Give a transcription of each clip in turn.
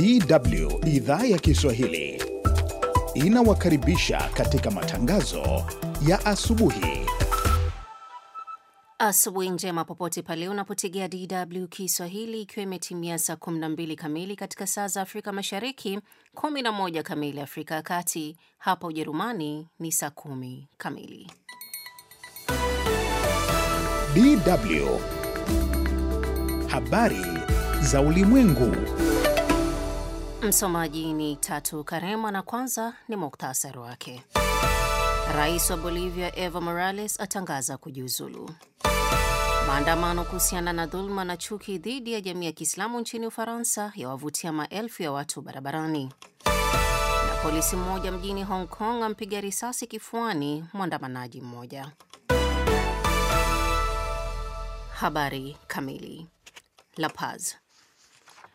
DW idhaa ya Kiswahili inawakaribisha katika matangazo ya asubuhi. Asubuhi njema popote pale unapotegea DW Kiswahili, ikiwa imetimia saa 12 kamili katika saa za Afrika Mashariki, 11 kamili Afrika ya Kati. Hapa Ujerumani ni saa 10 kamili. DW habari za ulimwengu. Msomaji ni Tatu Karema na kwanza ni muktasari wake. Rais wa Bolivia Evo Morales atangaza kujiuzulu. Maandamano kuhusiana na dhuluma na chuki dhidi ya jamii ya Kiislamu nchini Ufaransa yawavutia maelfu ya watu barabarani. Na polisi mmoja mjini Hong Kong ampiga risasi kifuani mwandamanaji mmoja. Habari kamili. La Paz.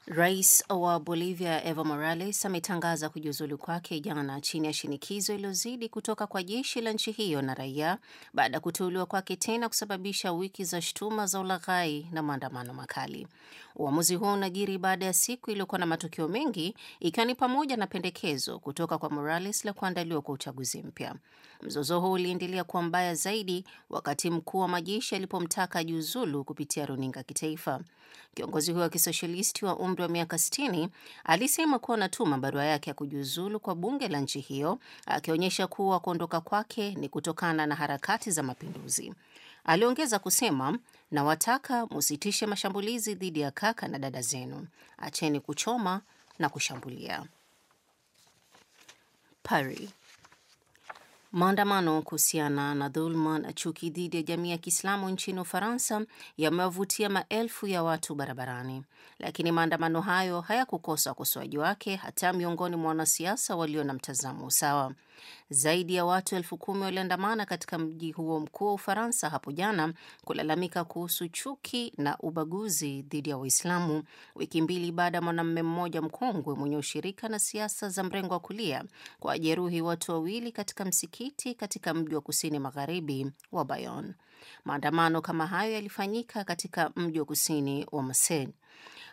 Rais wa Bolivia Evo Morales ametangaza kujiuzulu kwake jana chini ya shinikizo iliyozidi kutoka kwa jeshi la nchi hiyo na raia baada ya kuteuliwa kwake tena kusababisha wiki za shutuma za ulaghai na maandamano makali. Uamuzi huo unajiri baada ya siku iliyokuwa na matukio mengi ikiwa ni pamoja na pendekezo kutoka kwa Morales la kuandaliwa kwa uchaguzi mpya. Mzozo huo uliendelea kuwa mbaya zaidi wakati mkuu wa majeshi alipomtaka juzulu kupitia runinga kitaifa. Kiongozi huyo wa kisoshalisti wa umri wa miaka 60 alisema kuwa anatuma barua yake ya kujiuzulu kwa bunge la nchi hiyo, akionyesha kuwa kuondoka kwake ni kutokana na harakati za mapinduzi. Aliongeza kusema nawataka musitishe mashambulizi dhidi ya kaka na dada zenu, acheni kuchoma na kushambulia. Paris. Maandamano kuhusiana na dhuluma na chuki dhidi ya jamii ya Kiislamu nchini Ufaransa yamewavutia maelfu ya watu barabarani, lakini maandamano hayo hayakukosa ukosoaji wake hata miongoni mwa wanasiasa walio na mtazamo sawa. Zaidi ya watu elfu kumi waliandamana katika mji huo mkuu wa Ufaransa hapo jana kulalamika kuhusu chuki na ubaguzi dhidi ya Waislamu, wiki mbili baada ya mwanamume mmoja mkongwe mwenye ushirika na siasa za mrengo wa kulia kuwajeruhi watu wawili katika msikiti katika mji wa kusini magharibi wa Bayonne. Maandamano kama hayo yalifanyika katika mji wa kusini wa Marseille.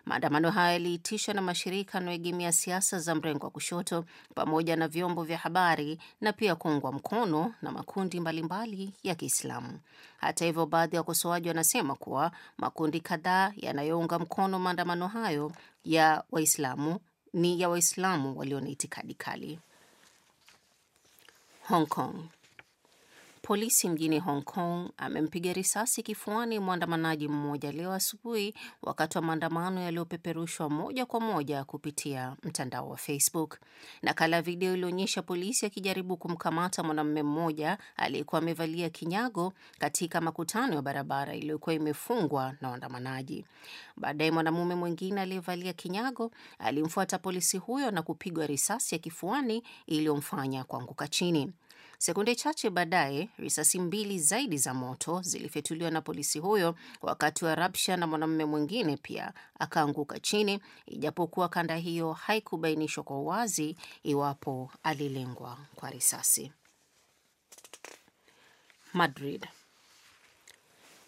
Maandamano hayo yaliitishwa na mashirika yanayoegemea siasa za mrengo wa kushoto pamoja na vyombo vya habari na pia kuungwa mkono na makundi mbalimbali mbali ya Kiislamu. Hata hivyo, baadhi ya wakosoaji wanasema kuwa makundi kadhaa yanayounga mkono maandamano hayo ya Waislamu ni ya Waislamu walio na itikadi kali. Hong Kong Polisi mjini Hong Kong amempiga risasi kifuani mwandamanaji mmoja leo asubuhi wakati wa maandamano yaliyopeperushwa moja kwa moja kupitia mtandao wa Facebook. Nakala ya video ilionyesha polisi akijaribu kumkamata mwanamume mmoja aliyekuwa amevalia kinyago katika makutano ya barabara iliyokuwa imefungwa na waandamanaji. Baadaye mwanamume mwingine aliyevalia kinyago alimfuata polisi huyo na kupigwa risasi ya kifuani iliyomfanya kuanguka chini. Sekunde chache baadaye, risasi mbili zaidi za moto zilifyatuliwa na polisi huyo wakati wa rabsha, na mwanamume mwingine pia akaanguka chini, ijapokuwa kanda hiyo haikubainishwa kwa uwazi iwapo alilengwa kwa risasi. Madrid.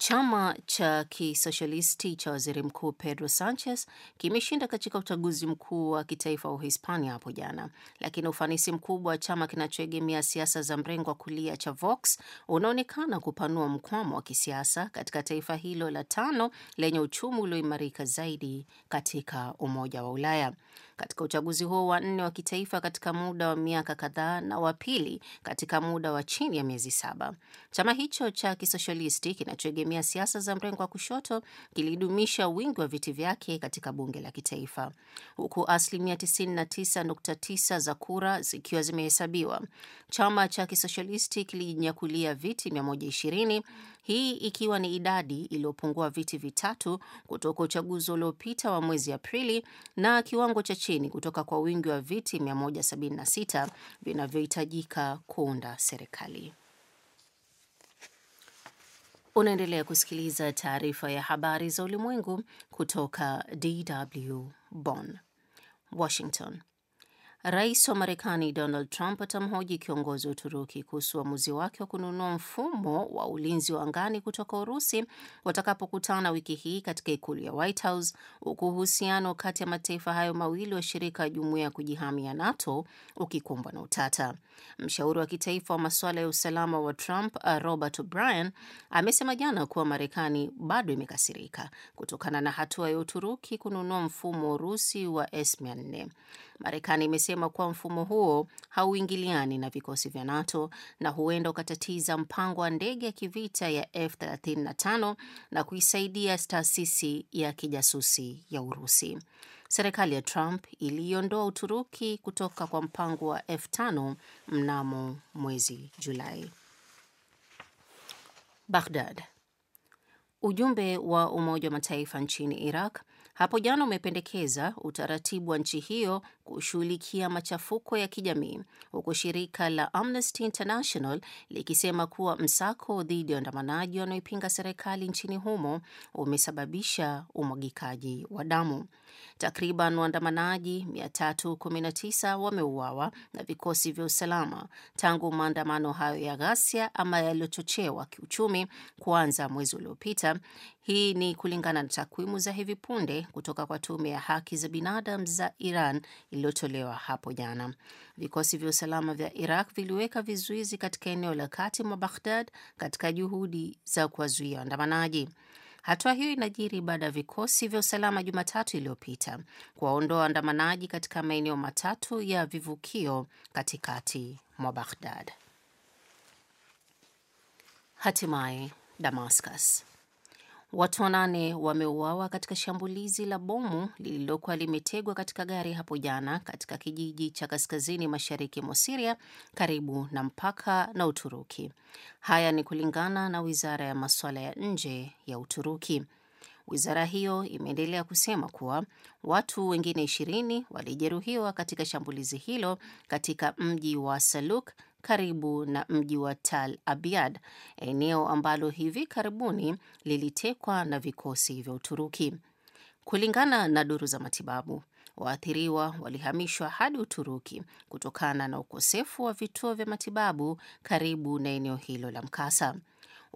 Chama cha kisoshalisti cha waziri mkuu Pedro Sanchez kimeshinda katika uchaguzi mkuu wa kitaifa wa Uhispania hapo jana, lakini ufanisi mkubwa wa chama kinachoegemea siasa za mrengo wa kulia cha Vox unaonekana kupanua mkwamo wa kisiasa katika taifa hilo la tano lenye uchumi ulioimarika zaidi katika Umoja wa Ulaya. Katika uchaguzi huo wa nne wa kitaifa katika muda wa miaka kadhaa na wa pili katika muda wa chini ya miezi saba, chama hicho cha kisosialisti kinachoegemea kusimamia siasa za mrengo wa kushoto kilidumisha wingi wa viti vyake katika bunge la kitaifa, huku asilimia 99.9 za kura zikiwa zimehesabiwa. Chama cha kisoshalisti kilijinyakulia viti 120, hii ikiwa ni idadi iliyopungua viti vitatu kutoka uchaguzi uliopita wa mwezi Aprili na kiwango cha chini kutoka kwa wingi wa viti 176 vinavyohitajika kuunda serikali. Unaendelea kusikiliza taarifa ya habari za ulimwengu kutoka DW Bonn, Washington. Rais wa Marekani Donald Trump atamhoji kiongozi wa Uturuki kuhusu uamuzi wake wa kununua mfumo wa ulinzi wa angani kutoka Urusi watakapokutana wiki hii katika ikulu ya White House, huku uhusiano kati ya mataifa hayo mawili wa shirika ya jumuiya ya kujihamia NATO ukikumbwa na utata. Mshauri wa kitaifa wa masuala ya usalama wa Trump Robert O'Brien amesema jana kuwa Marekani bado imekasirika kutokana na hatua ya Uturuki kununua mfumo wa Urusi wa S-400. Marekani imesema amesema kuwa mfumo huo hauingiliani na vikosi vya NATO na huenda ukatatiza mpango wa ndege ya kivita ya F35 na kuisaidia taasisi ya kijasusi ya Urusi. Serikali ya Trump iliondoa Uturuki kutoka kwa mpango wa F5 mnamo mwezi Julai. Baghdad. Ujumbe wa Umoja wa Mataifa nchini Iraq hapo jana umependekeza utaratibu wa nchi hiyo kushughulikia machafuko ya kijamii, huku shirika la Amnesty International likisema kuwa msako dhidi ya waandamanaji wanaoipinga serikali nchini humo umesababisha umwagikaji wa damu. Takriban waandamanaji 319 wameuawa na vikosi vya usalama tangu maandamano hayo ya ghasia ama yaliyochochewa kiuchumi kuanza mwezi uliopita. Hii ni kulingana na takwimu za hivi punde kutoka kwa tume ya haki za binadamu za Iran iliyotolewa hapo jana. Vikosi vya usalama vya Iraq viliweka vizuizi katika eneo la kati mwa Baghdad katika juhudi za kuwazuia waandamanaji. Hatua hiyo inajiri baada ya vikosi vya usalama Jumatatu iliyopita kuwaondoa waandamanaji katika maeneo matatu ya vivukio katikati mwa Baghdad. Hatimaye Damascus Watu wanane wameuawa katika shambulizi la bomu lililokuwa limetegwa katika gari hapo jana katika kijiji cha kaskazini mashariki mwa Siria karibu na mpaka na Uturuki. Haya ni kulingana na wizara ya masuala ya nje ya Uturuki. Wizara hiyo imeendelea kusema kuwa watu wengine ishirini walijeruhiwa katika shambulizi hilo katika mji wa Saluk karibu na mji wa Tal abiad eneo ambalo hivi karibuni lilitekwa na vikosi vya Uturuki. Kulingana na duru za matibabu, waathiriwa walihamishwa hadi Uturuki kutokana na ukosefu wa vituo vya matibabu karibu na eneo hilo la mkasa.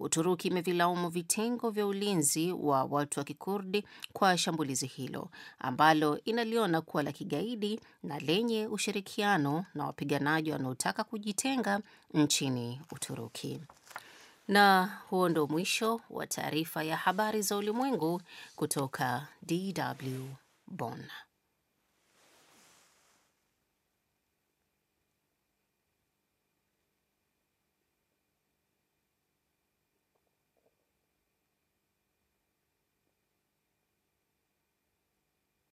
Uturuki imevilaumu vitengo vya ulinzi wa watu wa Kikurdi kwa shambulizi hilo ambalo inaliona kuwa la kigaidi na lenye ushirikiano na wapiganaji wanaotaka kujitenga nchini Uturuki. Na huo ndo mwisho wa taarifa ya habari za ulimwengu kutoka DW Bonn.